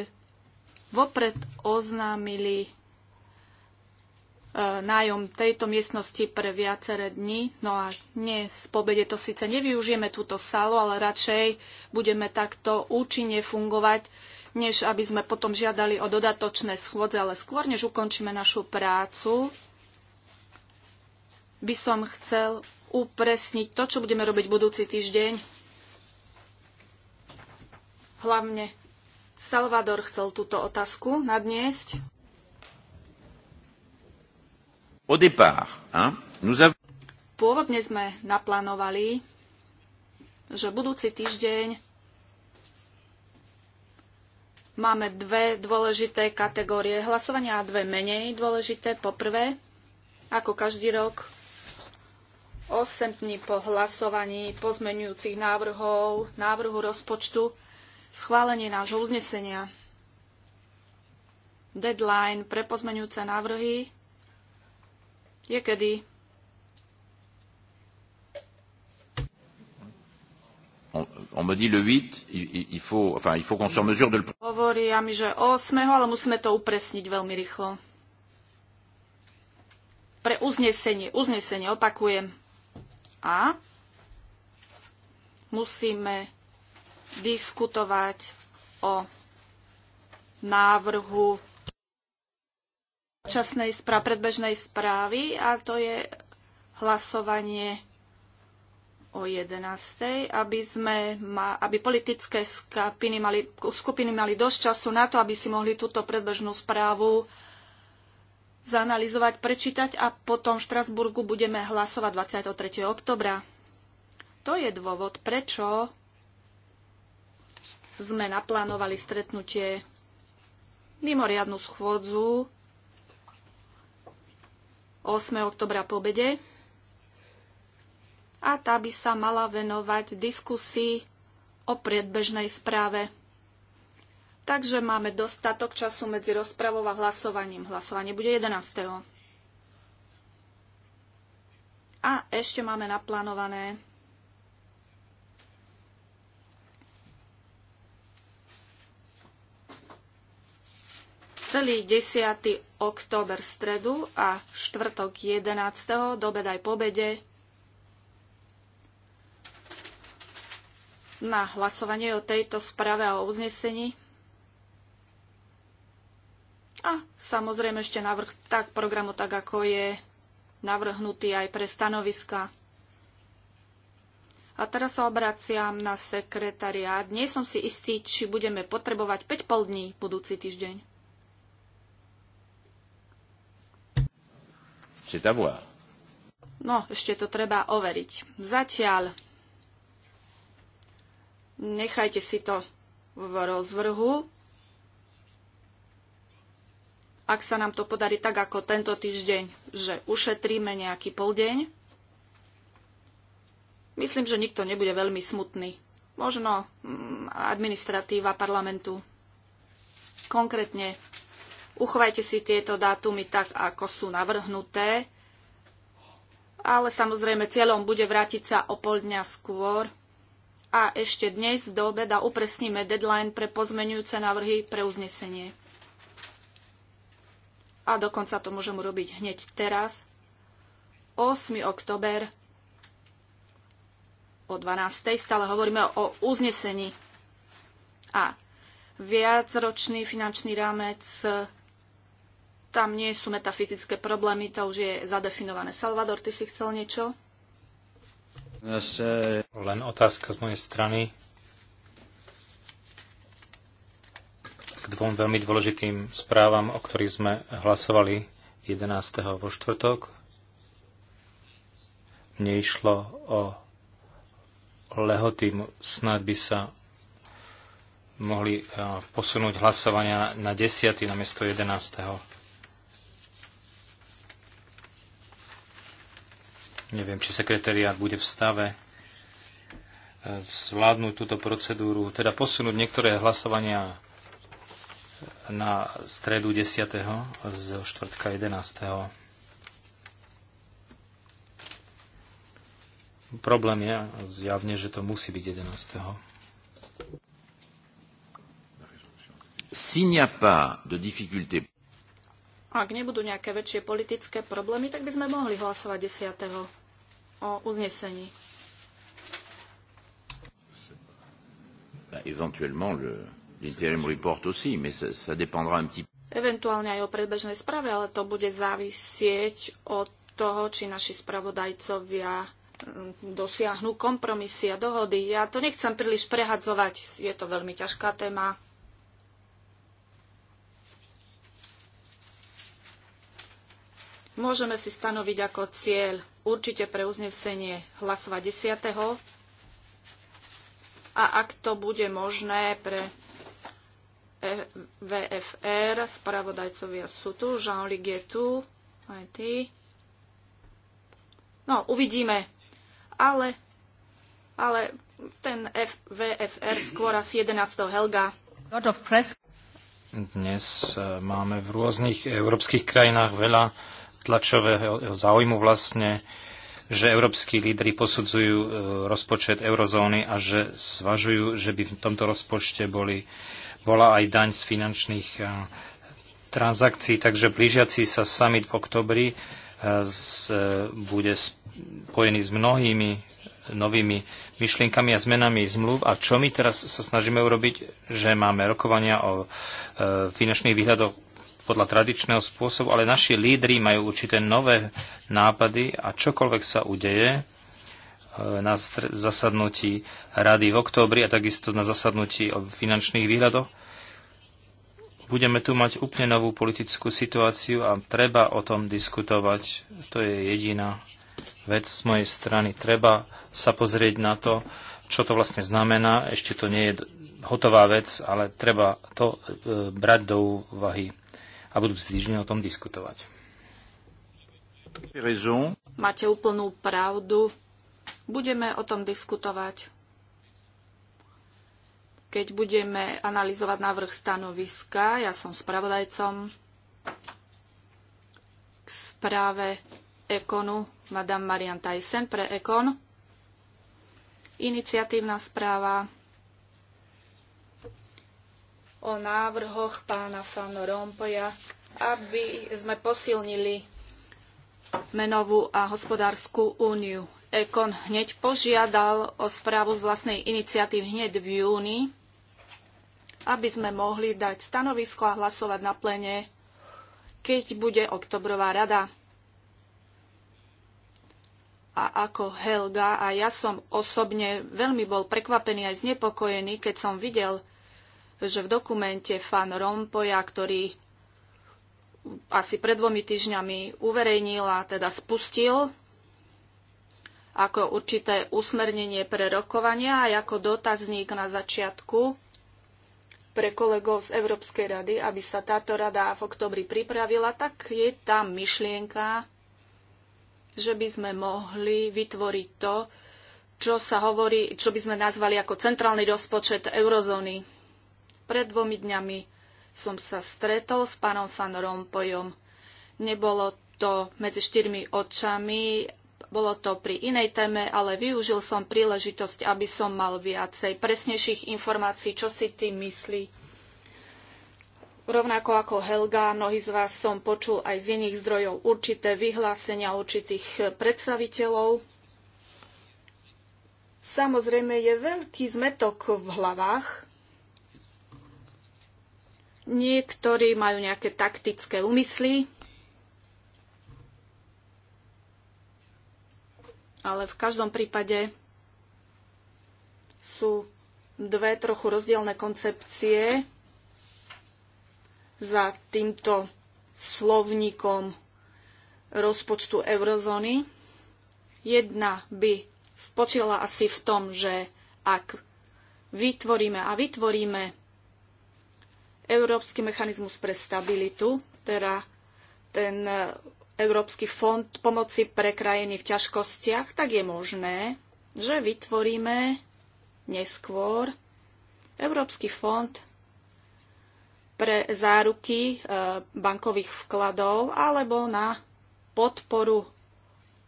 vopred oznámili E, nájom tejto miestnosti pre viaceré dni. No a dnes po obede to síce nevyužijeme túto sálu, ale radšej budeme takto účinne fungovať, než aby sme potom žiadali o dodatočné schôdze, ale skôr než ukončíme našu prácu, by som chcel upresniť to, čo budeme robiť budúci týždeň. Hlavne Salvador chcel túto otázku nadniesť. Au départ, hein, nous avons... Pôvodne sme naplánovali, že budúci týždeň máme dve dôležité kategórie hlasovania a dve menej dôležité. Poprvé, ako každý rok, 8 dní po hlasovaní pozmenujúcich návrhov, návrhu rozpočtu, schválenie nášho uznesenia. Deadline pre pozmenujúce návrhy Niekedy On, on me dit le 8, il, il faut, enfin, il faut qu'on se mesure de le... Hovoria mi, že 8, ale musíme to upresniť veľmi rýchlo. Pre uznesenie, uznesenie, opakujem. A musíme diskutovať o návrhu predčasnej spra- predbežnej správy a to je hlasovanie o 11. aby, sme ma, aby politické skupiny mali, skupiny mali dosť času na to, aby si mohli túto predbežnú správu zanalizovať, prečítať a potom v Štrasburgu budeme hlasovať 23. oktobra. To je dôvod, prečo sme naplánovali stretnutie mimoriadnu schôdzu 8. oktobra po obede. A tá by sa mala venovať diskusii o predbežnej správe. Takže máme dostatok času medzi rozpravou a hlasovaním. Hlasovanie bude 11. A ešte máme naplánované celý 10 október stredu a štvrtok 11. dobed aj pobede na hlasovanie o tejto správe a o uznesení. A samozrejme ešte navrh tak programu, tak ako je navrhnutý aj pre stanoviska. A teraz sa obraciam na sekretariát. Nie som si istý, či budeme potrebovať 5,5 dní budúci týždeň. C'est à voir. No, ešte to treba overiť. Zatiaľ nechajte si to v rozvrhu. Ak sa nám to podarí tak ako tento týždeň, že ušetríme nejaký poldeň, myslím, že nikto nebude veľmi smutný. Možno mm, administratíva parlamentu. Konkrétne Uchovajte si tieto dátumy tak, ako sú navrhnuté, ale samozrejme cieľom bude vrátiť sa o pol dňa skôr. A ešte dnes do obeda upresníme deadline pre pozmenujúce návrhy pre uznesenie. A dokonca to môžem urobiť hneď teraz. 8. oktober o 12. stále hovoríme o uznesení. A viacročný finančný rámec tam nie sú metafyzické problémy, to už je zadefinované. Salvador, ty si chcel niečo? Len otázka z mojej strany k dvom veľmi dôležitým správam, o ktorých sme hlasovali 11. vo štvrtok. Mne išlo o lehoty, snad by sa mohli eh, posunúť hlasovania na 10. namiesto 11. Neviem, či sekretariat bude v stave e, zvládnuť túto procedúru, teda posunúť niektoré hlasovania na stredu 10. z štvrtka 11. Problém je zjavne, že to musí byť 11. Ak nebudú nejaké väčšie politické problémy, tak by sme mohli hlasovať 10 o uznesení. Eventuálne aj o predbežnej správe, ale to bude závisieť od toho, či naši spravodajcovia hm, dosiahnu kompromisy a dohody. Ja to nechcem príliš prehadzovať, je to veľmi ťažká téma. Môžeme si stanoviť ako cieľ určite pre uznesenie hlasovať 10. A ak to bude možné pre e VFR, spravodajcovia sú tu, Jean-Luc je tu, aj ty. No, uvidíme. Ale, ale ten e F, VFR skôr asi 11. Helga. Dnes eh, máme v rôznych európskych krajinách veľa tlačového záujmu vlastne, že európsky lídry posudzujú e, rozpočet eurozóny a že svažujú, že by v tomto rozpočte boli, bola aj daň z finančných e, transakcií, takže blížiaci sa summit v oktobri e, z, bude spojený s mnohými novými myšlienkami a zmenami zmluv. A čo my teraz sa snažíme urobiť, že máme rokovania o e, finančných výhľadoch podľa tradičného spôsobu, ale naši lídry majú určité nové nápady a čokoľvek sa udeje e, na zasadnutí rady v októbri a takisto na zasadnutí o finančných výhľadoch, budeme tu mať úplne novú politickú situáciu a treba o tom diskutovať. To je jediná vec z mojej strany. Treba sa pozrieť na to, čo to vlastne znamená. Ešte to nie je hotová vec, ale treba to e, brať do úvahy a budúci týždeň o tom diskutovať. Máte úplnú pravdu. Budeme o tom diskutovať, keď budeme analyzovať návrh stanoviska. Ja som spravodajcom k správe Ekonu, Madame Marian Tyson pre Ekon. Iniciatívna správa o návrhoch pána Fan Rompoja, aby sme posilnili menovú a hospodárskú úniu. Ekon hneď požiadal o správu z vlastnej iniciatívy hneď v júni, aby sme mohli dať stanovisko a hlasovať na plene, keď bude oktobrová rada. A ako Helga a ja som osobne veľmi bol prekvapený aj znepokojený, keď som videl, že v dokumente Fan Rompoja, ktorý asi pred dvomi týždňami uverejnil a teda spustil ako určité usmernenie pre rokovania a ako dotazník na začiatku pre kolegov z Európskej rady, aby sa táto rada v oktobri pripravila, tak je tam myšlienka, že by sme mohli vytvoriť to, čo sa hovorí, čo by sme nazvali ako centrálny rozpočet eurozóny pred dvomi dňami som sa stretol s pánom Fan Rompojom. Nebolo to medzi štyrmi očami, bolo to pri inej téme, ale využil som príležitosť, aby som mal viacej presnejších informácií, čo si tým myslí. Rovnako ako Helga, mnohí z vás som počul aj z iných zdrojov určité vyhlásenia určitých predstaviteľov. Samozrejme je veľký zmetok v hlavách Niektorí majú nejaké taktické úmysly, ale v každom prípade sú dve trochu rozdielne koncepcie za týmto slovníkom rozpočtu eurozóny. Jedna by spočila asi v tom, že ak vytvoríme a vytvoríme Európsky mechanizmus pre stabilitu, teda ten e, Európsky fond pomoci pre krajiny v ťažkostiach, tak je možné, že vytvoríme neskôr Európsky fond pre záruky e, bankových vkladov alebo na podporu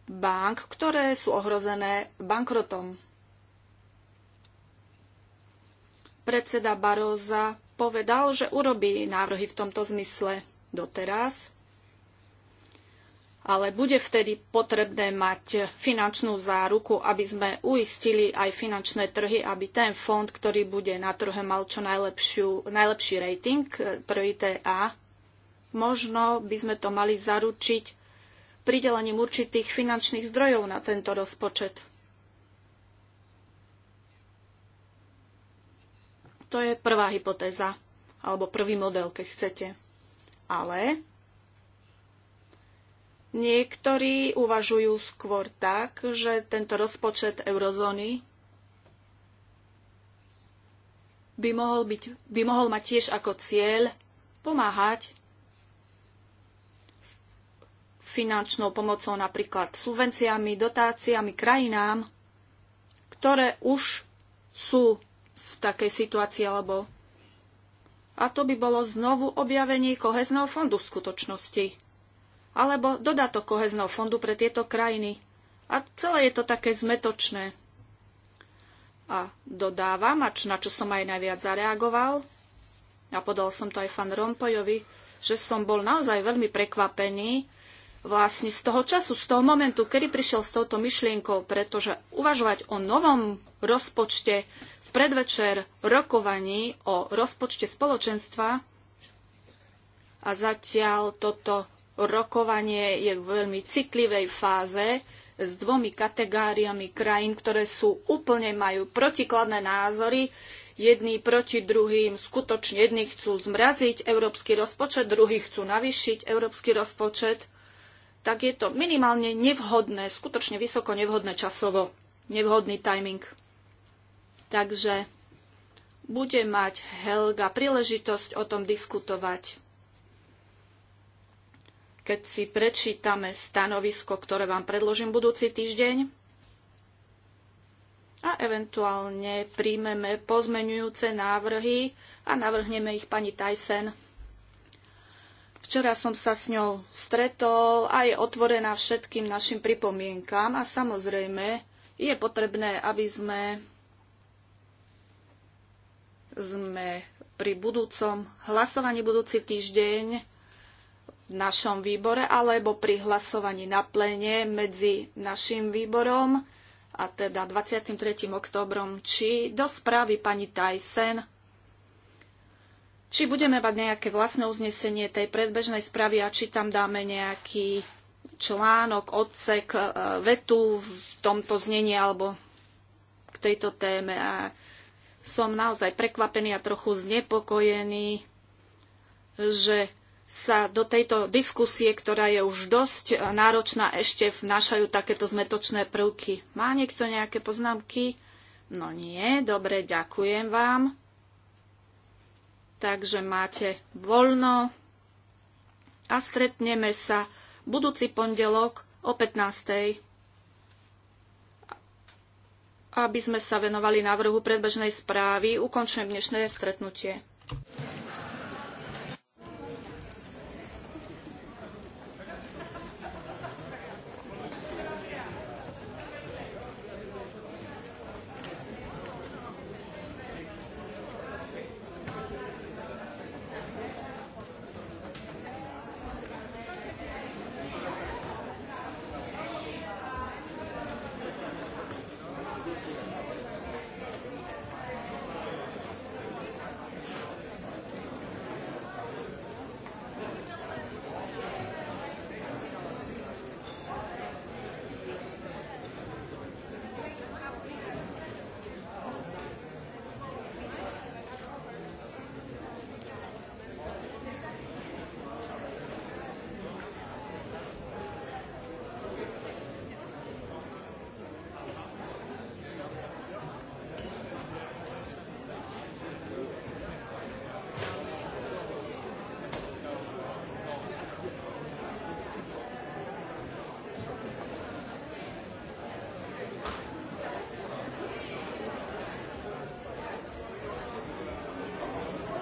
bank, ktoré sú ohrozené bankrotom. Predseda Baróza povedal, že urobí návrhy v tomto zmysle doteraz, ale bude vtedy potrebné mať finančnú záruku, aby sme uistili aj finančné trhy, aby ten fond, ktorý bude na trhe, mal čo najlepšiu, najlepší rating, 3TA. Eh, Možno by sme to mali zaručiť pridelením určitých finančných zdrojov na tento rozpočet. To je prvá hypotéza, alebo prvý model, keď chcete. Ale niektorí uvažujú skôr tak, že tento rozpočet eurozóny by mohol, byť, by mohol mať tiež ako cieľ pomáhať finančnou pomocou napríklad subvenciami, dotáciami krajinám, ktoré už sú v takej situácii, alebo... A to by bolo znovu objavenie kohezného fondu v skutočnosti. Alebo dodatok kohezného fondu pre tieto krajiny. A celé je to také zmetočné. A dodávam, a na čo som aj najviac zareagoval, a podal som to aj fan Rompojovi, že som bol naozaj veľmi prekvapený, vlastne z toho času, z toho momentu, kedy prišiel s touto myšlienkou, pretože uvažovať o novom rozpočte predvečer rokovaní o rozpočte spoločenstva a zatiaľ toto rokovanie je v veľmi citlivej fáze s dvomi kategóriami krajín, ktoré sú úplne majú protikladné názory, jedný proti druhým. Skutočne jedni chcú zmraziť európsky rozpočet, druhí chcú navýšiť európsky rozpočet, tak je to minimálne nevhodné, skutočne vysoko nevhodné časovo, nevhodný timing. Takže bude mať Helga príležitosť o tom diskutovať. Keď si prečítame stanovisko, ktoré vám predložím budúci týždeň a eventuálne príjmeme pozmenujúce návrhy a navrhneme ich pani Tyson. Včera som sa s ňou stretol a je otvorená všetkým našim pripomienkám a samozrejme je potrebné, aby sme sme pri budúcom hlasovaní budúci týždeň v našom výbore alebo pri hlasovaní na plene medzi našim výborom a teda 23. oktobrom, či do správy pani Tyson, či budeme mať nejaké vlastné uznesenie tej predbežnej správy a či tam dáme nejaký článok, odsek, e, vetu v tomto znení alebo k tejto téme. A som naozaj prekvapený a trochu znepokojený, že sa do tejto diskusie, ktorá je už dosť náročná, ešte vnášajú takéto zmetočné prvky. Má niekto nejaké poznámky? No nie, dobre, ďakujem vám. Takže máte voľno a stretneme sa budúci pondelok o 15 aby sme sa venovali návrhu predbežnej správy. Ukončujem dnešné stretnutie.